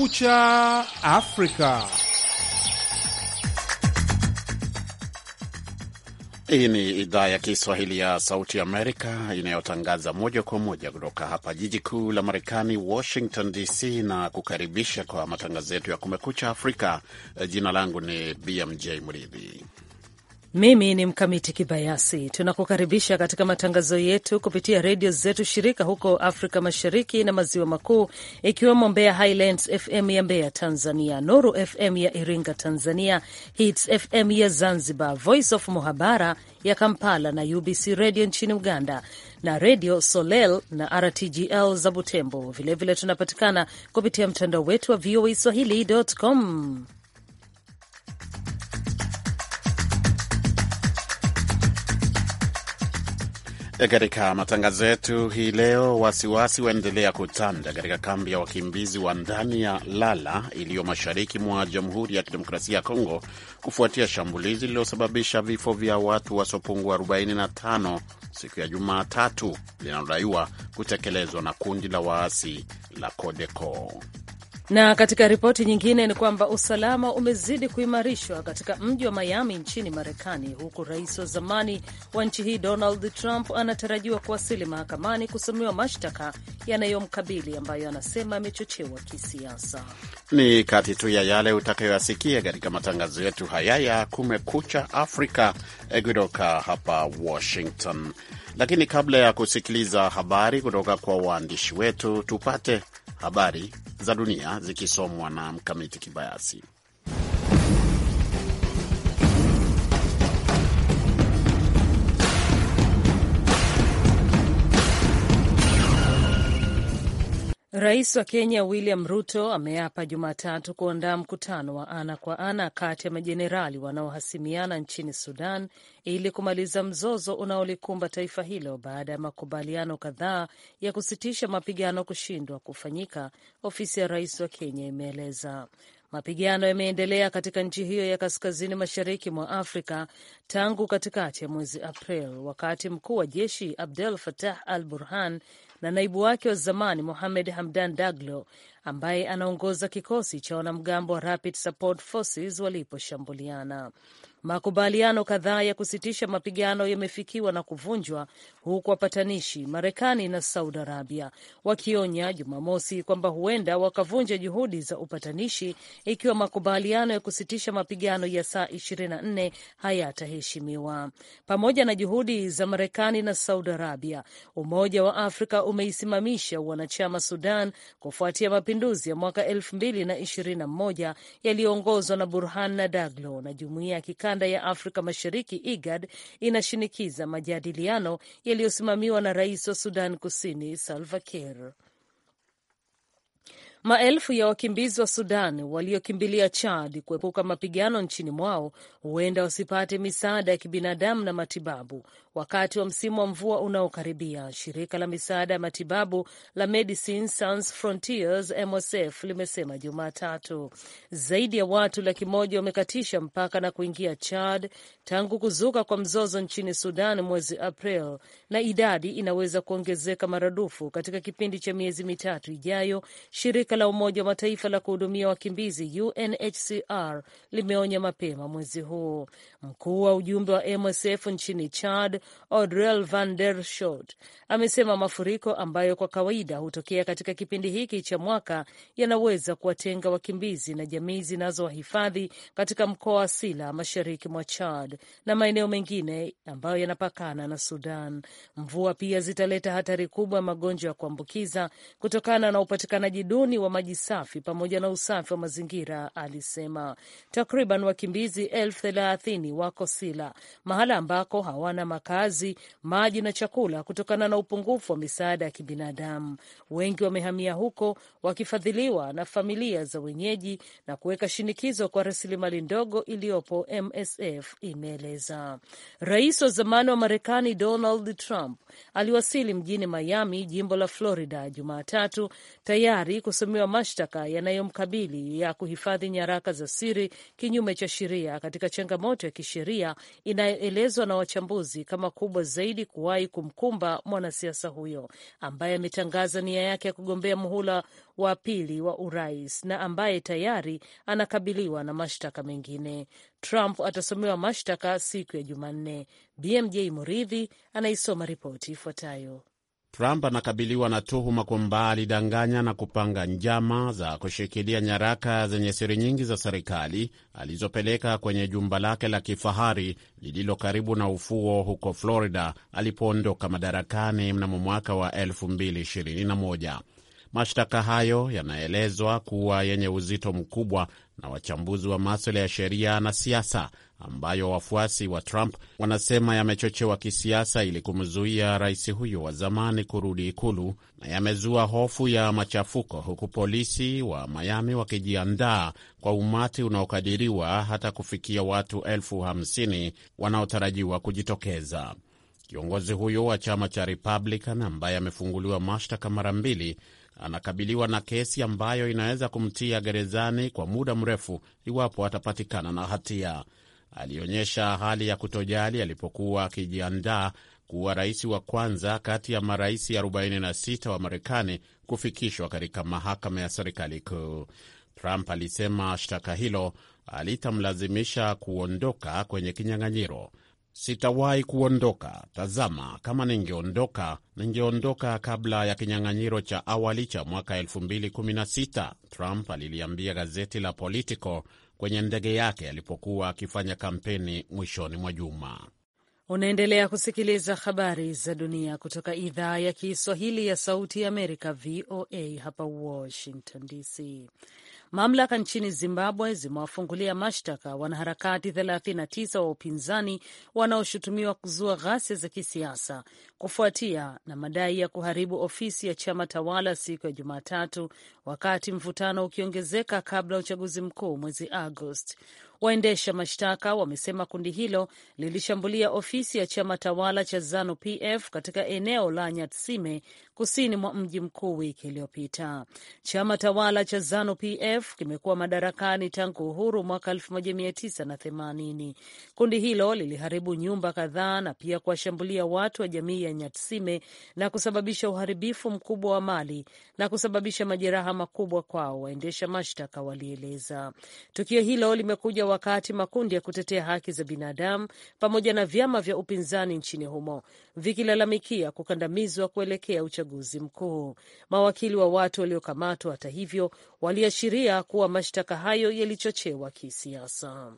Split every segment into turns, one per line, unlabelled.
Kumekucha Afrika.
Hii ni idhaa ya Kiswahili ya Sauti Amerika inayotangaza moja kwa moja kutoka hapa jiji kuu la Marekani, Washington DC, na kukaribisha kwa matangazo yetu ya Kumekucha Afrika. Eh, jina langu ni BMJ Mridhi
mimi ni Mkamiti Kibayasi. Tunakukaribisha katika matangazo yetu kupitia redio zetu shirika huko Afrika Mashariki na Maziwa Makuu, ikiwemo Mbeya Highlands FM ya Mbeya Tanzania, Nuru FM ya Iringa Tanzania, Hits FM ya Zanzibar, Voice of Muhabara ya Kampala na UBC redio nchini Uganda na redio Soleil na RTGL za Butembo. Vilevile tunapatikana kupitia mtandao wetu wa VOA swahili.com.
Katika matangazo yetu hii leo, wasiwasi waendelea kutanda katika kambi ya wakimbizi wa ndani ya Lala iliyo mashariki mwa Jamhuri ya Kidemokrasia ya Kongo kufuatia shambulizi lililosababisha vifo vya watu wasiopungua 45 siku ya Jumatatu linalodaiwa kutekelezwa na kundi la waasi la Codeco.
Na katika ripoti nyingine ni kwamba usalama umezidi kuimarishwa katika mji wa Miami nchini Marekani, huku rais wa zamani wa nchi hii Donald Trump anatarajiwa kuwasili mahakamani kusomewa mashtaka yanayomkabili ambayo anasema amechochewa kisiasa.
Ni kati tu ya yale utakayoyasikia katika matangazo yetu haya ya Kumekucha Afrika eh, kutoka hapa Washington. Lakini kabla ya kusikiliza habari kutoka kwa waandishi wetu, tupate Habari za dunia zikisomwa na Mkamiti Kibayasi.
Rais wa Kenya William Ruto ameapa Jumatatu kuandaa mkutano wa ana kwa ana kati ya majenerali wanaohasimiana nchini Sudan ili kumaliza mzozo unaolikumba taifa hilo baada ya makubaliano kadhaa ya kusitisha mapigano kushindwa kufanyika, ofisi ya rais wa Kenya imeeleza. Mapigano yameendelea katika nchi hiyo ya kaskazini mashariki mwa Afrika tangu katikati ya mwezi April, wakati mkuu wa jeshi Abdel Fattah al Burhan na naibu wake wa zamani Mohamed Hamdan Daglo ambaye anaongoza kikosi cha wanamgambo wa Rapid Support Forces waliposhambuliana. Makubaliano kadhaa ya kusitisha mapigano yamefikiwa na kuvunjwa, huku wapatanishi Marekani na Saudi Arabia wakionya Jumamosi kwamba huenda wakavunja juhudi za upatanishi ikiwa makubaliano ya kusitisha mapigano ya saa 24 hayataheshimiwa. Pamoja na juhudi za Marekani na Saudi Arabia, Umoja wa Afrika umeisimamisha wanachama Sudan kufuatia mapinduzi ya mwaka elfu mbili na ishirini na moja yaliyoongozwa na Burhan na Daglo na jumuiya ya kikanda ya Afrika Mashariki IGAD inashinikiza majadiliano yaliyosimamiwa na rais wa Sudan Kusini Salva Kiir. Maelfu ya wakimbizi wa Sudan waliokimbilia Chad kuepuka mapigano nchini mwao huenda wasipate misaada ya kibinadamu na matibabu wakati wa msimu wa mvua unaokaribia. Shirika la misaada ya matibabu la Medecins Sans Frontieres MSF limesema Jumatatu zaidi ya watu laki moja wamekatisha mpaka na kuingia Chad tangu kuzuka kwa mzozo nchini Sudan mwezi April, na idadi inaweza kuongezeka maradufu katika kipindi cha miezi mitatu ijayo, shirika la Umoja wa Mataifa la kuhudumia wakimbizi UNHCR limeonya mapema mwezi huu. Mkuu wa ujumbe wa MSF nchini Chad, odrel Van Der Schot, amesema mafuriko ambayo kwa kawaida hutokea katika kipindi hiki cha mwaka yanaweza kuwatenga wakimbizi na jamii zinazowahifadhi katika mkoa wa Sila, mashariki mwa Chad na maeneo mengine ambayo yanapakana na Sudan. Mvua pia zitaleta hatari kubwa ya magonjwa ya kuambukiza kutokana na upatikanaji duni wa maji safi pamoja na usafi wa mazingira, alisema. Takriban wakimbizi elfu thelathini wako Sila, mahala ambako hawana makazi, maji na chakula kutokana na upungufu wa misaada ya kibinadamu. Wengi wamehamia huko wakifadhiliwa na familia za wenyeji na kuweka shinikizo kwa rasilimali ndogo iliyopo MSF ime ameeleza. Rais wa zamani wa Marekani Donald Trump aliwasili mjini Miami, jimbo la Florida, Jumatatu tayari kusomewa mashtaka yanayomkabili ya kuhifadhi nyaraka za siri kinyume cha sheria, katika changamoto ya kisheria inayoelezwa na wachambuzi kama kubwa zaidi kuwahi kumkumba mwanasiasa huyo ambaye ametangaza nia yake ya kugombea muhula wa pili wa urais na ambaye tayari anakabiliwa na mashtaka mengine. Trump atasomewa mashtaka siku ya Jumanne. BMJ Muridhi anaisoma ripoti ifuatayo.
Trump anakabiliwa na tuhuma kwamba alidanganya na kupanga njama za kushikilia nyaraka zenye siri nyingi za serikali alizopeleka kwenye jumba lake la kifahari lililo karibu na ufuo huko Florida alipoondoka madarakani mnamo mwaka wa 2021. Mashtaka hayo yanaelezwa kuwa yenye uzito mkubwa na wachambuzi wa maswala ya sheria na siasa, ambayo wafuasi wa Trump wanasema yamechochewa kisiasa ili kumzuia rais huyo wa zamani kurudi Ikulu, na yamezua hofu ya machafuko, huku polisi wa Miami wakijiandaa kwa umati unaokadiriwa hata kufikia watu elfu hamsini wanaotarajiwa kujitokeza. Kiongozi huyo wa chama cha Republican ambaye amefunguliwa mashtaka mara mbili anakabiliwa na kesi ambayo inaweza kumtia gerezani kwa muda mrefu iwapo atapatikana na hatia. Alionyesha hali ya kutojali alipokuwa akijiandaa kuwa rais wa kwanza kati ya marais 46 wa Marekani kufikishwa katika mahakama ya serikali kuu. Trump alisema shtaka hilo alitamlazimisha kuondoka kwenye kinyang'anyiro sitawahi kuondoka. Tazama, kama ningeondoka, ningeondoka kabla ya kinyang'anyiro cha awali cha mwaka 2016, Trump aliliambia gazeti la Politico kwenye ndege yake alipokuwa akifanya kampeni mwishoni mwa juma.
Unaendelea kusikiliza habari za dunia kutoka idhaa ya Kiswahili ya Sauti ya Amerika, VOA hapa Washington DC. Mamlaka nchini Zimbabwe zimewafungulia mashtaka wanaharakati 39 wa upinzani wanaoshutumiwa kuzua ghasia za kisiasa kufuatia na madai ya kuharibu ofisi ya chama tawala siku ya Jumatatu, wakati mvutano ukiongezeka kabla ya uchaguzi mkuu mwezi Agosti. Waendesha mashtaka wamesema kundi hilo lilishambulia ofisi ya chama tawala cha Zanu PF katika eneo la Nyatsime kusini mwa mji mkuu wiki iliyopita. Chama tawala cha Zanu PF kimekuwa madarakani tangu uhuru mwaka 1980. Kundi hilo liliharibu nyumba kadhaa na pia kuwashambulia watu wa jamii ya Nyatsime na kusababisha uharibifu mkubwa wa mali na kusababisha majeraha makubwa kwao, waendesha mashtaka walieleza. Tukio hilo limekuja wakati makundi ya kutetea haki za binadamu pamoja na vyama vya upinzani nchini humo vikilalamikia kukandamizwa kuelekea uchaguzi mkuu. Mawakili wa watu waliokamatwa, hata hivyo, waliashiria kuwa mashtaka hayo yalichochewa kisiasa.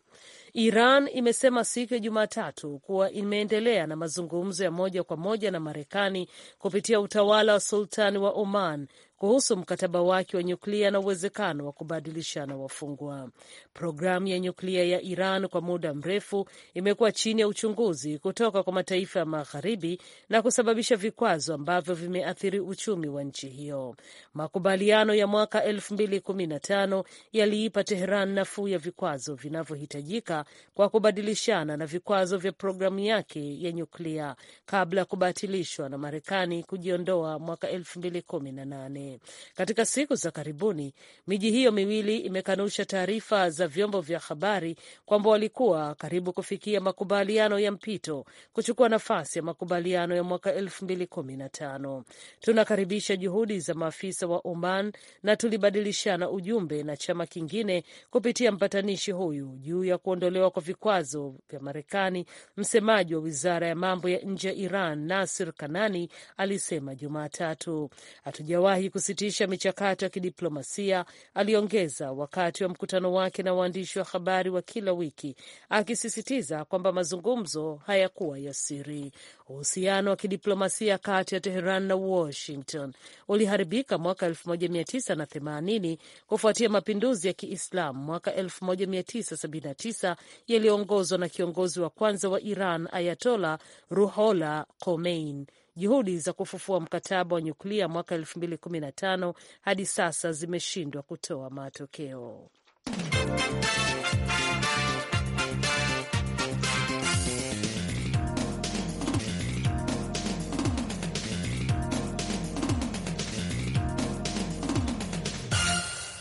Iran imesema siku ya Jumatatu kuwa imeendelea na mazungumzo ya moja kwa moja na Marekani kupitia utawala wa Sultani wa Oman kuhusu mkataba wake wa nyuklia na uwezekano wa kubadilishana wafungwa. Programu ya nyuklia ya Iran kwa muda mrefu imekuwa chini ya uchunguzi kutoka kwa mataifa ya Magharibi na kusababisha vikwazo ambavyo vimeathiri uchumi wa nchi hiyo. Makubaliano ya mwaka 2015 yaliipa Teheran nafuu ya vikwazo vinavyohitajika kwa kubadilishana na vikwazo vya programu yake ya nyuklia kabla ya kubatilishwa na Marekani kujiondoa mwaka 2018. Katika siku za karibuni, miji hiyo miwili imekanusha taarifa za vyombo vya habari kwamba walikuwa karibu kufikia makubaliano ya mpito kuchukua nafasi ya makubaliano ya mwaka 2015. Tunakaribisha juhudi za maafisa wa Oman na tulibadilishana ujumbe na chama kingine kupitia mpatanishi huyu juu ya kuondolewa kwa vikwazo vya Marekani, msemaji wa wizara ya mambo ya nje ya Iran Nasir Kanani alisema Jumatatu. Hatujawahi kusitisha michakato ya kidiplomasia, aliongeza wakati wa mkutano wake na waandishi wa habari wa kila wiki, akisisitiza kwamba mazungumzo hayakuwa ya siri. Uhusiano wa kidiplomasia kati ya Teheran na Washington uliharibika mwaka 1980 kufuatia mapinduzi ya Kiislamu mwaka 1979 yaliyoongozwa na kiongozi wa kwanza wa Iran Ayatola ruhola Khomeini juhudi za kufufua mkataba wa nyuklia mwaka 2015 hadi sasa zimeshindwa kutoa matokeo.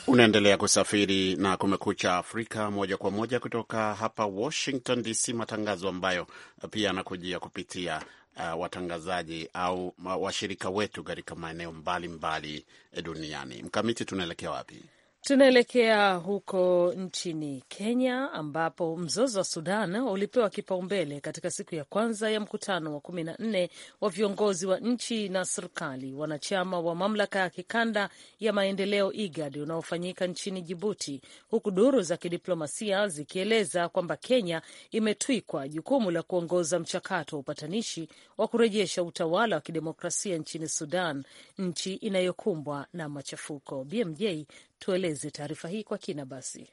Unaendelea kusafiri na Kumekucha Afrika moja kwa moja kutoka hapa Washington DC, matangazo ambayo pia yanakujia kupitia uh, watangazaji au washirika wetu katika maeneo mbalimbali duniani. Mkamiti, tunaelekea wapi?
Tunaelekea huko nchini Kenya ambapo mzozo wa Sudan ulipewa kipaumbele katika siku ya kwanza ya mkutano wa kumi na nne wa viongozi wa nchi na serikali wanachama wa mamlaka ya kikanda ya maendeleo IGAD unaofanyika nchini Jibuti, huku duru za kidiplomasia zikieleza kwamba Kenya imetwikwa jukumu la kuongoza mchakato wa upatanishi wa kurejesha utawala wa kidemokrasia nchini Sudan, nchi inayokumbwa na machafuko. BMJ Tueleze taarifa hii kwa kina basi.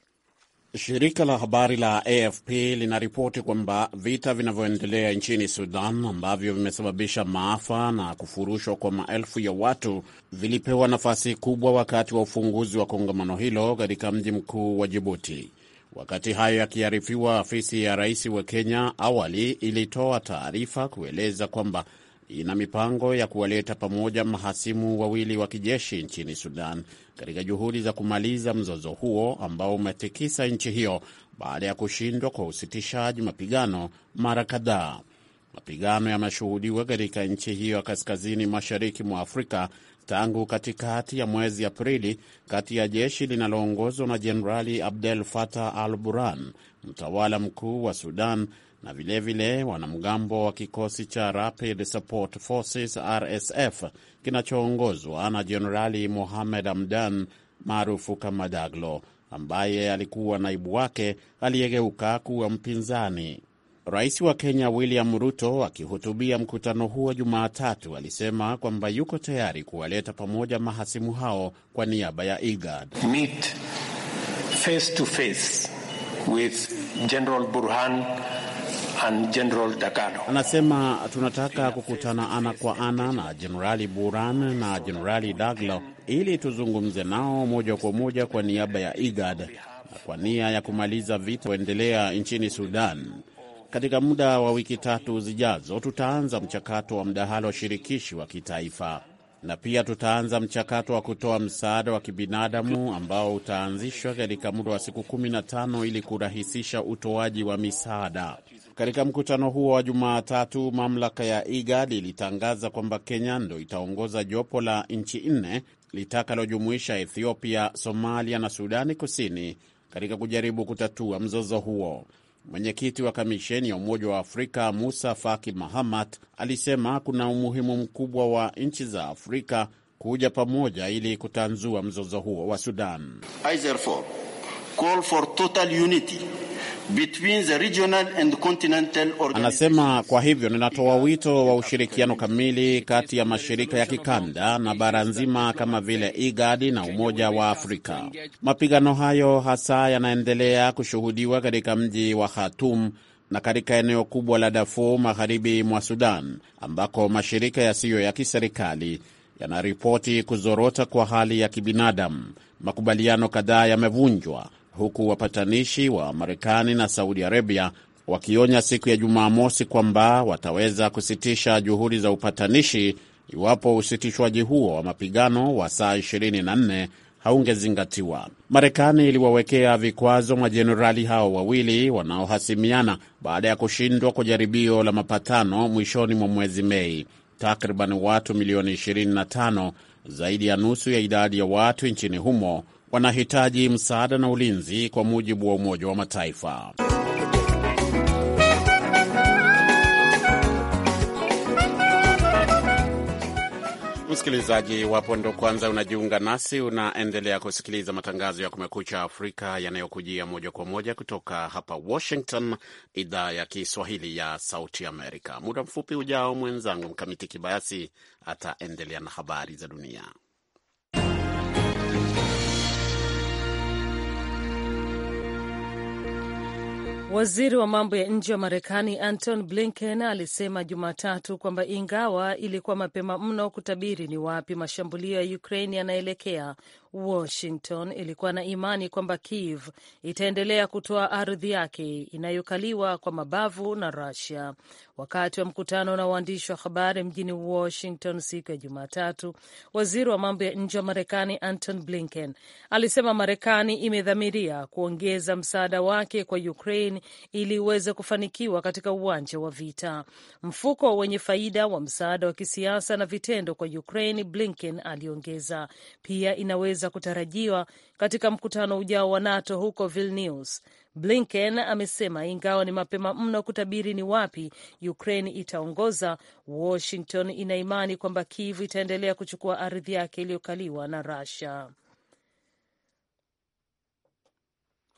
Shirika la habari la AFP linaripoti kwamba vita vinavyoendelea nchini Sudan ambavyo vimesababisha maafa na kufurushwa kwa maelfu ya watu vilipewa nafasi kubwa wakati wa ufunguzi wa kongamano hilo katika mji mkuu wa Jibuti. Wakati hayo yakiarifiwa, afisi ya rais wa Kenya awali ilitoa taarifa kueleza kwamba ina mipango ya kuwaleta pamoja mahasimu wawili wa kijeshi nchini Sudan katika juhudi za kumaliza mzozo huo ambao umetikisa nchi hiyo baada ya kushindwa kwa usitishaji mapigano mara kadhaa. Mapigano yameshuhudiwa katika nchi hiyo ya kaskazini mashariki mwa Afrika tangu katikati ya mwezi Aprili kati ya jeshi linaloongozwa na Jenerali Abdel Fattah al Burhan, mtawala mkuu wa Sudan, na vilevile wanamgambo wa kikosi cha Rapid Support Forces RSF kinachoongozwa na Jenerali Mohamed Hamdan maarufu kama Daglo, ambaye alikuwa naibu wake aliyegeuka kuwa mpinzani. Rais wa Kenya William Ruto akihutubia mkutano huo Jumatatu alisema kwamba yuko tayari kuwaleta pamoja mahasimu hao kwa niaba ya IGAD. Meet face to face with General Burhan and General Dagalo. Anasema tunataka kukutana ana kwa ana na Jenerali Buran na Jenerali Daglo ili tuzungumze nao moja kwa moja kwa niaba ya IGAD na kwa nia ya kumaliza vita kuendelea nchini Sudan. Katika muda wa wiki tatu zijazo, tutaanza mchakato wa mdahalo shirikishi wa kitaifa na pia tutaanza mchakato wa kutoa msaada wa kibinadamu ambao utaanzishwa katika muda wa siku 15 ili kurahisisha utoaji wa misaada. Katika mkutano huo wa Jumatatu, mamlaka ya IGAD ilitangaza kwamba Kenya ndo itaongoza jopo la nchi nne litakalojumuisha Ethiopia, Somalia na Sudani Kusini katika kujaribu kutatua mzozo huo. Mwenyekiti wa kamisheni ya Umoja wa Afrika Musa Faki Mahamat alisema kuna umuhimu mkubwa wa nchi za Afrika kuja pamoja ili kutanzua mzozo huo wa Sudan. I therefore call for total unity
between the regional and continental organizations.
Anasema kwa hivyo, ninatoa wito wa ushirikiano kamili kati ya mashirika ya kikanda na bara nzima kama vile IGADI na Umoja wa Afrika. Mapigano hayo hasa yanaendelea kushuhudiwa katika mji wa Khartoum na katika eneo kubwa la Darfur magharibi mwa Sudan, ambako mashirika yasiyo ya kiserikali yanaripoti kuzorota kwa hali ya kibinadamu. Makubaliano kadhaa yamevunjwa huku wapatanishi wa Marekani na Saudi Arabia wakionya siku ya Jumamosi kwamba wataweza kusitisha juhudi za upatanishi iwapo usitishwaji huo wa mapigano wa saa 24 haungezingatiwa. Marekani iliwawekea vikwazo majenerali hao wawili wanaohasimiana baada ya kushindwa kwa jaribio la mapatano mwishoni mwa mwezi Mei. Takriban watu milioni 25, zaidi ya nusu ya idadi ya watu nchini humo wanahitaji msaada na ulinzi kwa mujibu wa Umoja wa Mataifa. Msikilizaji wapo ndo kwanza unajiunga nasi, unaendelea kusikiliza matangazo ya Kumekucha Afrika yanayokujia moja kwa moja kutoka hapa Washington, idhaa ya Kiswahili ya Sauti Amerika. Muda mfupi ujao, mwenzangu Mkamiti Kibayasi ataendelea na habari za dunia.
Waziri wa mambo ya nje wa Marekani Anton Blinken alisema Jumatatu kwamba ingawa ilikuwa mapema mno kutabiri ni wapi mashambulio ya Ukraine yanaelekea, Washington ilikuwa na imani kwamba Kiev itaendelea kutoa ardhi yake inayokaliwa kwa mabavu na Russia. Wakati wa mkutano na waandishi wa habari mjini Washington siku ya Jumatatu, waziri wa mambo ya nje wa Marekani Anton Blinken alisema Marekani imedhamiria kuongeza msaada wake kwa Ukraine ili iweze kufanikiwa katika uwanja wa vita. Mfuko wenye faida wa msaada wa kisiasa na vitendo kwa Ukraine, Blinken aliongeza, pia inaweza za kutarajiwa katika mkutano ujao wa NATO huko Vilnius. Blinken amesema ingawa ni mapema mno kutabiri ni wapi Ukraine itaongoza, Washington ina imani kwamba Kiev itaendelea kuchukua ardhi yake iliyokaliwa na Russia.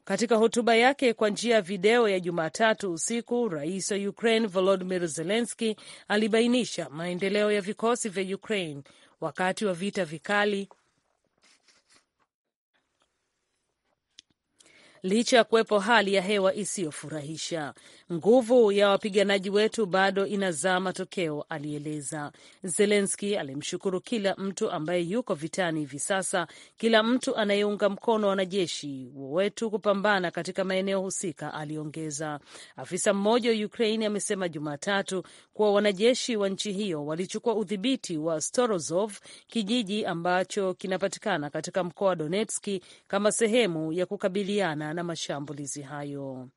Katika hotuba yake kwa njia ya video ya Jumatatu usiku, rais wa Ukraine Volodymyr Zelensky alibainisha maendeleo ya vikosi vya Ukraine wakati wa vita vikali licha ya kuwepo hali ya hewa isiyofurahisha. Nguvu ya wapiganaji wetu bado inazaa matokeo, alieleza. Zelenski alimshukuru kila mtu ambaye yuko vitani hivi sasa, kila mtu anayeunga mkono wanajeshi wetu kupambana katika maeneo husika, aliongeza. Afisa mmoja wa Ukraini amesema Jumatatu kuwa wanajeshi wa nchi hiyo walichukua udhibiti wa Storozov, kijiji ambacho kinapatikana katika mkoa wa Donetski, kama sehemu ya kukabiliana na mashambulizi hayo.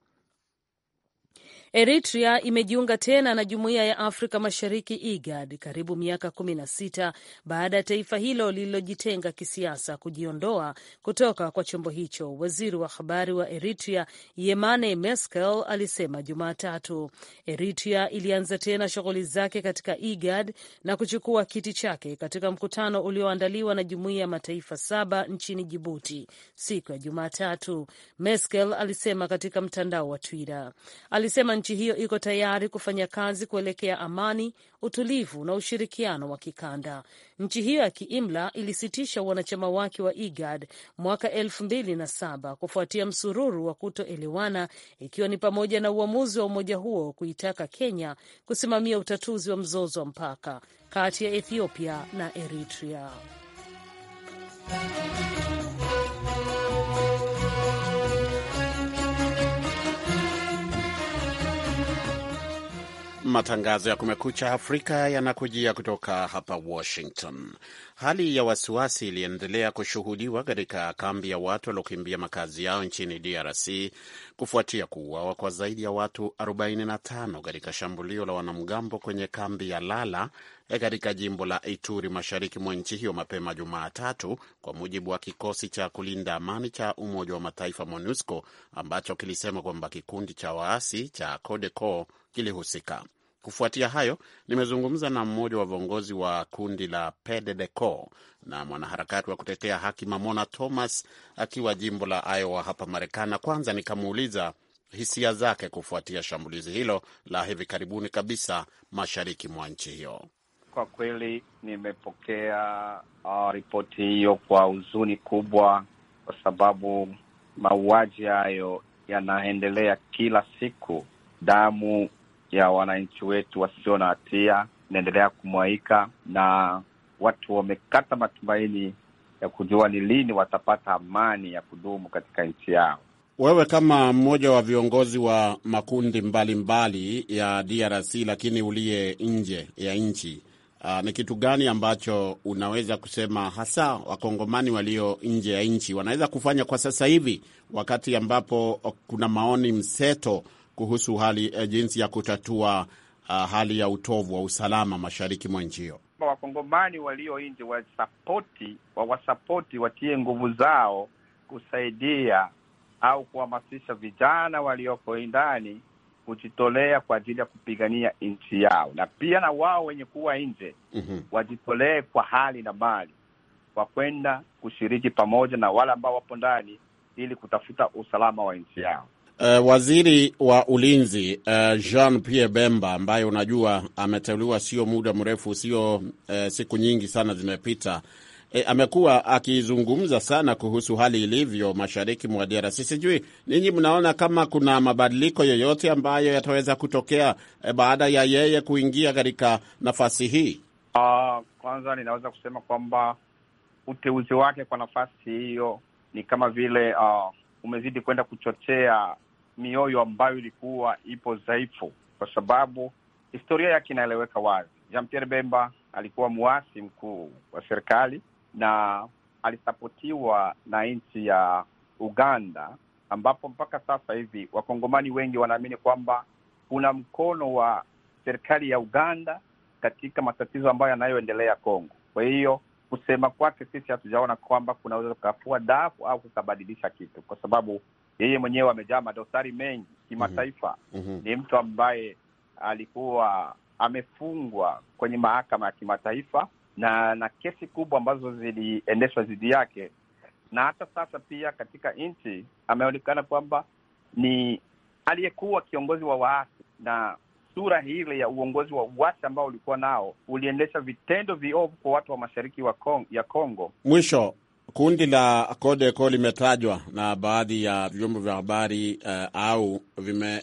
Eritrea imejiunga tena na jumuiya ya Afrika Mashariki, IGAD, karibu miaka kumi na sita baada ya taifa hilo lililojitenga kisiasa kujiondoa kutoka kwa chombo hicho. Waziri wa habari wa Eritrea Yemane Meskel alisema Jumatatu Eritrea ilianza tena shughuli zake katika IGAD na kuchukua kiti chake katika mkutano ulioandaliwa na jumuiya ya mataifa saba nchini Jibuti siku ya Jumatatu, Meskel alisema katika mtandao wa Twitter. Alisema nchi hiyo iko tayari kufanya kazi kuelekea amani, utulivu na ushirikiano wa kikanda. Nchi hiyo ya kiimla ilisitisha wanachama wake wa IGAD mwaka elfu mbili na saba kufuatia msururu wa kutoelewana, ikiwa ni pamoja na uamuzi wa umoja huo kuitaka Kenya kusimamia utatuzi wa mzozo wa mpaka kati ya Ethiopia na Eritrea.
Matangazo ya Kumekucha Afrika yanakujia kutoka hapa Washington. Hali ya wasiwasi iliendelea kushuhudiwa katika kambi ya watu waliokimbia makazi yao nchini DRC kufuatia kuuawa kwa zaidi ya watu 45 katika shambulio la wanamgambo kwenye kambi ya Lala eh, katika jimbo la Ituri mashariki mwa nchi hiyo mapema Jumatatu, kwa mujibu wa kikosi cha kulinda amani cha Umoja wa Mataifa MONUSCO ambacho kilisema kwamba kikundi cha waasi cha CODECO kilihusika. Kufuatia hayo, nimezungumza na mmoja wa viongozi wa kundi la pddco na mwanaharakati wa kutetea haki Mamona Thomas akiwa jimbo la Iowa hapa Marekani, na kwanza nikamuuliza hisia zake kufuatia shambulizi hilo la hivi karibuni kabisa mashariki mwa nchi hiyo.
Kwa kweli nimepokea uh, ripoti hiyo kwa huzuni kubwa, kwa sababu mauaji hayo yanaendelea kila siku, damu ya wananchi wetu wasio na hatia inaendelea kumwaika na watu wamekata matumaini ya kujua ni lini watapata amani ya kudumu katika nchi yao.
Wewe kama mmoja wa viongozi wa makundi mbalimbali mbali ya DRC lakini uliye nje ya nchi, ah, ni kitu gani ambacho unaweza kusema hasa wakongomani walio nje ya nchi wanaweza kufanya kwa sasa hivi, wakati ambapo kuna maoni mseto kuhusu hali eh, jinsi ya kutatua uh, hali ya utovu wa usalama mashariki mwa nchi hiyo.
Wakongomani walio nje wasapoti, wawasapoti, watie nguvu zao kusaidia au kuhamasisha vijana walioko ndani kujitolea kwa ajili ya kupigania nchi yao, na pia na wao wenye kuwa nje mm -hmm. wajitolee kwa hali na mali kwa kwenda kushiriki pamoja na wale ambao wapo ndani ili kutafuta usalama wa nchi yao.
Uh, waziri wa ulinzi uh, eh, Jean Pierre Bemba ambaye unajua ameteuliwa sio muda mrefu, sio uh, siku nyingi sana zimepita. E, amekuwa akizungumza sana kuhusu hali ilivyo mashariki mwa DRC. Sijui ninyi mnaona kama kuna mabadiliko yoyote ambayo yataweza kutokea e, baada ya yeye kuingia katika nafasi hii?
Uh, kwanza ninaweza kusema kwamba uteuzi wake kwa nafasi hiyo ni kama vile uh, umezidi kwenda kuchochea mioyo ambayo ilikuwa ipo dhaifu, kwa sababu historia yake inaeleweka wazi. Jean Pierre Bemba alikuwa mwasi mkuu wa serikali na alisapotiwa na nchi ya Uganda, ambapo mpaka sasa hivi wakongomani wengi wanaamini kwamba kuna mkono wa serikali ya Uganda katika matatizo ambayo yanayoendelea Kongo. Kwa hiyo kusema kwake, sisi hatujaona kwamba kunaweza kukafua dafu au kukabadilisha kitu, kwa sababu yeye mwenyewe amejaa madosari mengi kimataifa. mm -hmm. Ni mtu ambaye alikuwa amefungwa kwenye mahakama ya kimataifa na na kesi kubwa ambazo ziliendeshwa dhidi yake, na hata sasa pia katika nchi ameonekana kwamba ni aliyekuwa kiongozi wa waasi, na sura hile ya uongozi wa uasi ambao ulikuwa nao uliendesha vitendo viovu kwa watu wa mashariki wa Kong, ya Kongo.
Mwisho Kundi la CODECO limetajwa na baadhi ya vyombo vya habari uh, au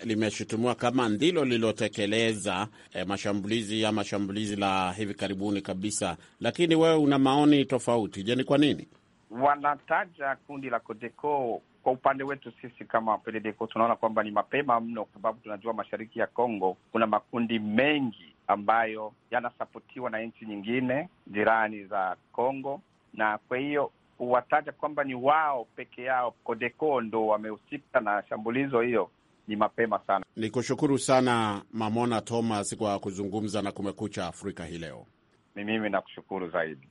limeshutumiwa kama ndilo lililotekeleza eh, mashambulizi ama shambulizi la hivi karibuni kabisa, lakini wewe una maoni tofauti. Je, ni kwa nini
wanataja kundi la CODECO? Kwa upande wetu sisi kama PDECO tunaona kwamba ni mapema mno, kwa sababu tunajua mashariki ya congo kuna makundi mengi ambayo yanasapotiwa na nchi nyingine jirani za congo na kwa hiyo huwataja kwamba ni wao peke yao Kodeko ndo wamehusika na shambulizo hiyo
ni mapema sana. Ni kushukuru sana Mamona Thomas kwa kuzungumza na Kumekucha Afrika hii leo. Ni mimi nakushukuru zaidi.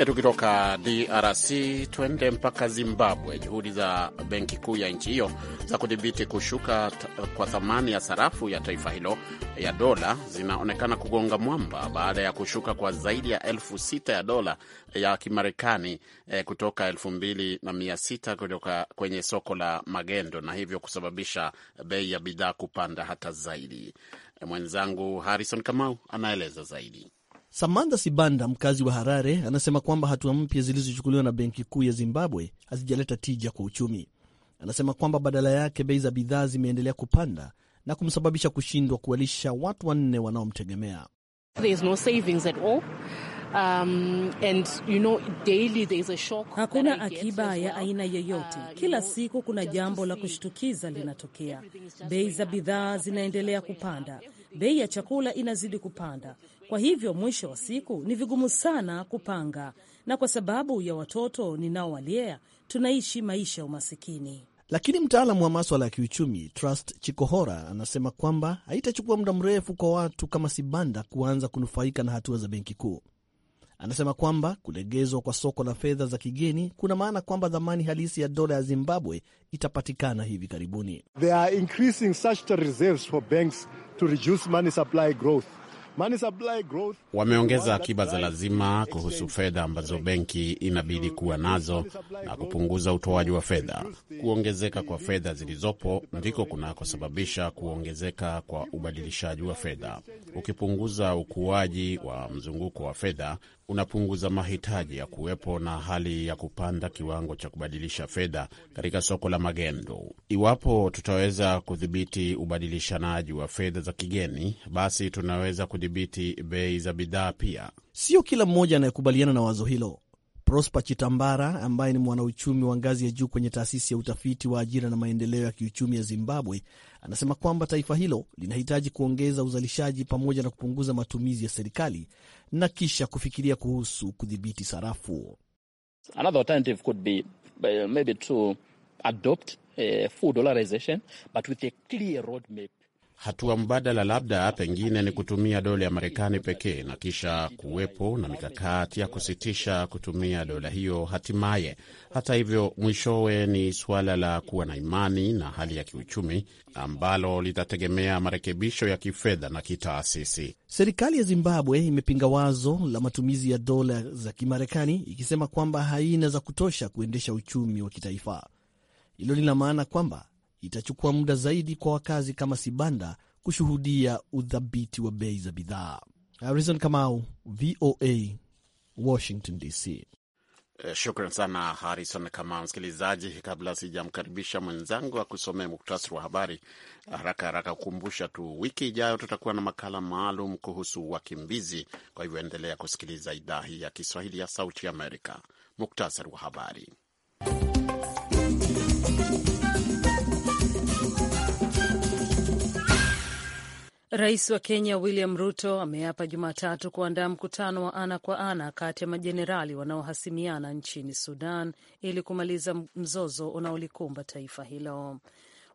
Eh, tukitoka DRC twende mpaka Zimbabwe. Juhudi za benki kuu ya nchi hiyo za kudhibiti kushuka kwa thamani ya sarafu ya taifa hilo ya dola zinaonekana kugonga mwamba baada ya kushuka kwa zaidi ya elfu sita ya dola ya Kimarekani eh, kutoka elfu mbili na mia sita kutoka kwenye soko la magendo na hivyo kusababisha bei ya bidhaa kupanda hata zaidi. Mwenzangu Harrison Kamau anaeleza zaidi.
Samantha Sibanda, mkazi wa Harare, anasema kwamba hatua mpya zilizochukuliwa na Benki Kuu ya Zimbabwe hazijaleta tija kwa uchumi. Anasema kwamba badala yake bei za bidhaa zimeendelea kupanda na kumsababisha kushindwa kuwalisha watu wanne wanaomtegemea.
Um, you know, hakuna akiba ya aina yeyote uh, Kila siku kuna jambo la kushtukiza linatokea. Bei za bidhaa zinaendelea kupanda, bei ya chakula inazidi kupanda, kwa hivyo mwisho wa siku ni vigumu sana kupanga, na kwa sababu ya watoto ninaowalea tunaishi maisha ya umasikini.
Lakini mtaalamu wa maswala ya kiuchumi Trust Chikohora anasema kwamba haitachukua muda mrefu kwa watu kama Sibanda kuanza kunufaika na hatua za benki kuu. Anasema kwamba kulegezwa kwa soko la fedha za kigeni kuna maana kwamba dhamani halisi ya dola ya Zimbabwe itapatikana hivi karibuni.
They are
increasing such reserves for banks to reduce money supply growth.
Wameongeza akiba za lazima kuhusu fedha ambazo benki inabidi kuwa nazo na kupunguza utoaji wa fedha. Kuongezeka kwa fedha zilizopo ndiko kunakosababisha kuongezeka kwa ubadilishaji wa fedha. Ukipunguza ukuaji wa mzunguko wa fedha, unapunguza mahitaji ya kuwepo na hali ya kupanda kiwango cha kubadilisha fedha katika soko la magendo. Iwapo tutaweza kudhibiti ubadilishanaji wa fedha za kigeni, basi tunaweza kudhibiti bei za bidhaa pia.
Sio kila mmoja anayekubaliana na wazo hilo. Prosper Chitambara ambaye ni mwanauchumi wa ngazi ya juu kwenye taasisi ya utafiti wa ajira na maendeleo ya kiuchumi ya Zimbabwe anasema kwamba taifa hilo linahitaji kuongeza uzalishaji pamoja na kupunguza matumizi ya serikali na kisha kufikiria kuhusu kudhibiti sarafu. Another alternative could be maybe to adopt a full dollarization but with a clear roadmap
hatua mbadala labda pengine ni kutumia dola ya Marekani pekee na kisha kuwepo na mikakati ya kusitisha kutumia dola hiyo hatimaye. Hata hivyo, mwishowe ni suala la kuwa na imani na hali ya kiuchumi ambalo litategemea marekebisho ya kifedha na kitaasisi.
Serikali ya Zimbabwe imepinga wazo la matumizi ya dola za Kimarekani ikisema kwamba haina za kutosha kuendesha uchumi wa kitaifa. Hilo lina maana kwamba itachukua muda zaidi kwa wakazi kama Sibanda kushuhudia udhabiti wa bei za bidhaa. Harrison Kamau, VOA, Washington DC.
Eh, shukran sana Harison Kamau. Msikilizaji, kabla sijamkaribisha mwenzangu akusomee muktasari wa habari haraka haraka, kukumbusha tu, wiki ijayo tutakuwa na makala maalum kuhusu wakimbizi. Kwa hivyo endelea kusikiliza idhaa hii ya Kiswahili ya Sauti Amerika. Muktasari wa
habari Rais wa Kenya William Ruto ameapa Jumatatu kuandaa mkutano wa ana kwa ana kati ya majenerali wanaohasimiana nchini Sudan ili kumaliza mzozo unaolikumba taifa hilo.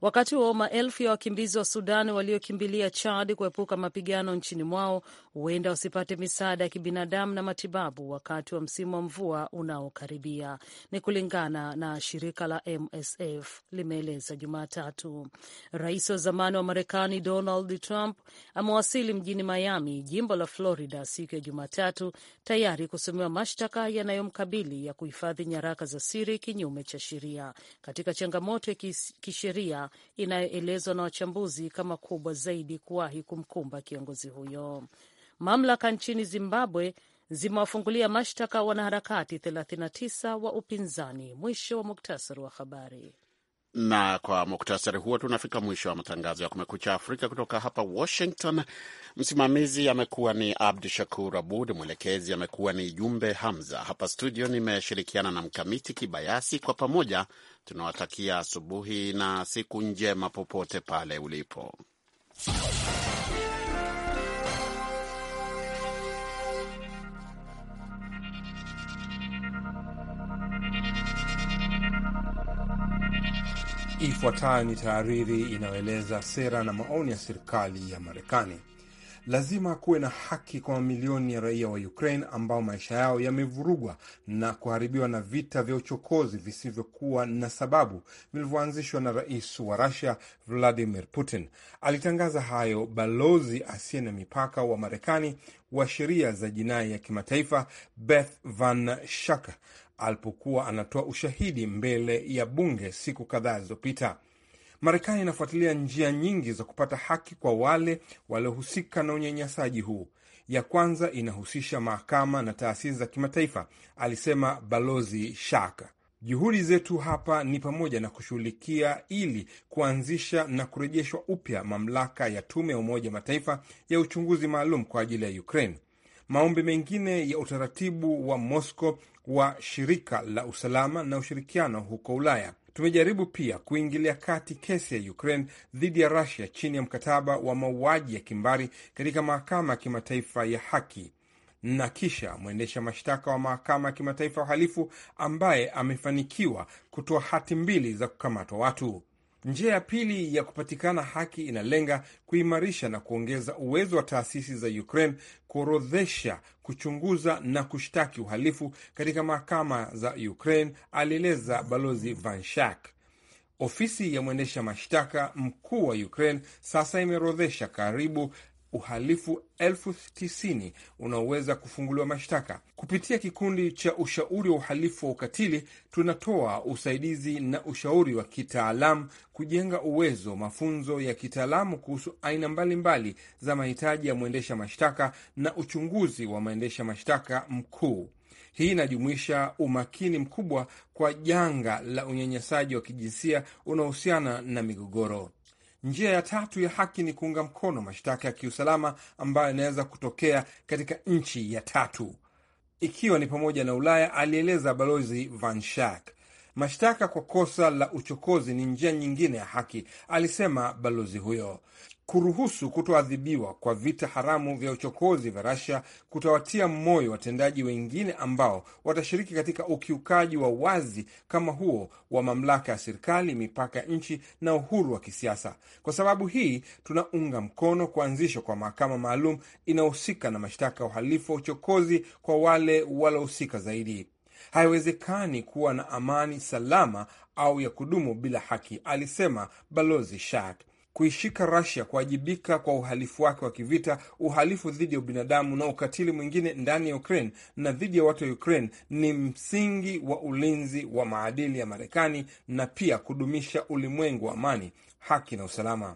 Wakati huo maelfu ya wakimbizi wa Sudan waliokimbilia Chad kuepuka mapigano nchini mwao huenda wasipate misaada ya kibinadamu na matibabu wakati wa msimu wa mvua unaokaribia, ni kulingana na shirika la MSF limeeleza Jumatatu. Rais wa zamani wa Marekani Donald Trump amewasili mjini Miami, jimbo la Florida, siku ya Jumatatu tayari kusomewa mashtaka yanayomkabili ya kuhifadhi nyaraka za siri kinyume cha sheria katika changamoto ya kisheria inayoelezwa na wachambuzi kama kubwa zaidi kuwahi kumkumba kiongozi huyo. Mamlaka nchini Zimbabwe zimewafungulia mashtaka wanaharakati 39 wa upinzani. Mwisho wa muktasari wa habari.
Na kwa muktasari huo tunafika mwisho wa matangazo ya Kumekucha Afrika kutoka hapa Washington. Msimamizi amekuwa ni Abdu Shakur Abud, mwelekezi amekuwa ni Jumbe Hamza. Hapa studio nimeshirikiana na Mkamiti Kibayasi. Kwa pamoja tunawatakia asubuhi na siku njema popote pale ulipo.
Ifuatayo ni taariri inayoeleza sera na maoni ya serikali ya Marekani. Lazima kuwe na haki kwa mamilioni ya raia wa Ukraine ambao maisha yao yamevurugwa na kuharibiwa na vita vya uchokozi visivyokuwa na sababu vilivyoanzishwa na rais wa rasia Vladimir Putin. Alitangaza hayo balozi asiye na mipaka wa Marekani wa sheria za jinai ya kimataifa Beth Van Schaker alipokuwa anatoa ushahidi mbele ya bunge siku kadhaa zilizopita. Marekani inafuatilia njia nyingi za kupata haki kwa wale waliohusika na unyanyasaji huu. Ya kwanza inahusisha mahakama na taasisi za kimataifa, alisema Balozi shak Juhudi zetu hapa ni pamoja na kushughulikia ili kuanzisha na kurejeshwa upya mamlaka ya tume ya Umoja Mataifa ya uchunguzi maalum kwa ajili ya Ukraine Maombi mengine ya utaratibu wa Moscow wa shirika la usalama na ushirikiano huko Ulaya. Tumejaribu pia kuingilia kati kesi ya Ukraine dhidi ya Rusia chini ya mkataba wa mauaji ya kimbari katika mahakama ya kimataifa ya haki na kisha mwendesha mashtaka wa mahakama ya kimataifa ya uhalifu ambaye amefanikiwa kutoa hati mbili za kukamatwa watu. Njia ya pili ya kupatikana haki inalenga kuimarisha na kuongeza uwezo wa taasisi za Ukraine kuorodhesha, kuchunguza na kushtaki uhalifu katika mahakama za Ukraine, alieleza Balozi Vanshak. Ofisi ya mwendesha mashtaka mkuu wa Ukraine sasa imeorodhesha karibu uhalifu elfu tisini unaoweza kufunguliwa mashtaka. Kupitia kikundi cha ushauri wa uhalifu wa ukatili, tunatoa usaidizi na ushauri wa kitaalamu, kujenga uwezo, mafunzo ya kitaalamu kuhusu aina mbalimbali mbali za mahitaji ya mwendesha mashtaka na uchunguzi wa mwendesha mashtaka mkuu. Hii inajumuisha umakini mkubwa kwa janga la unyanyasaji wa kijinsia unaohusiana na migogoro. Njia ya tatu ya haki ni kuunga mkono mashtaka ya kiusalama ambayo yanaweza kutokea katika nchi ya tatu, ikiwa ni pamoja na Ulaya, alieleza Balozi Van Schaik. Mashtaka kwa kosa la uchokozi ni njia nyingine ya haki, alisema balozi huyo. Kuruhusu kutoadhibiwa kwa vita haramu vya uchokozi vya rasia kutawatia moyo watendaji wengine ambao watashiriki katika ukiukaji wa wazi kama huo wa mamlaka ya serikali, mipaka ya nchi na uhuru wa kisiasa. Kwa sababu hii, tunaunga mkono kuanzishwa kwa mahakama maalum inayohusika na mashtaka ya uhalifu wa uchokozi kwa wale walohusika zaidi. Haiwezekani kuwa na amani salama au ya kudumu bila haki, alisema Balozi Shak kuishika Rasia kuwajibika kwa uhalifu wake wa kivita, uhalifu dhidi ya ubinadamu na ukatili mwingine ndani ya Ukraine na dhidi ya watu wa Ukraine ni msingi wa ulinzi wa maadili ya Marekani na pia kudumisha ulimwengu wa amani, haki na usalama.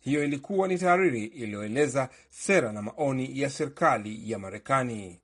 Hiyo ilikuwa ni tahariri iliyoeleza sera na maoni ya serikali ya Marekani.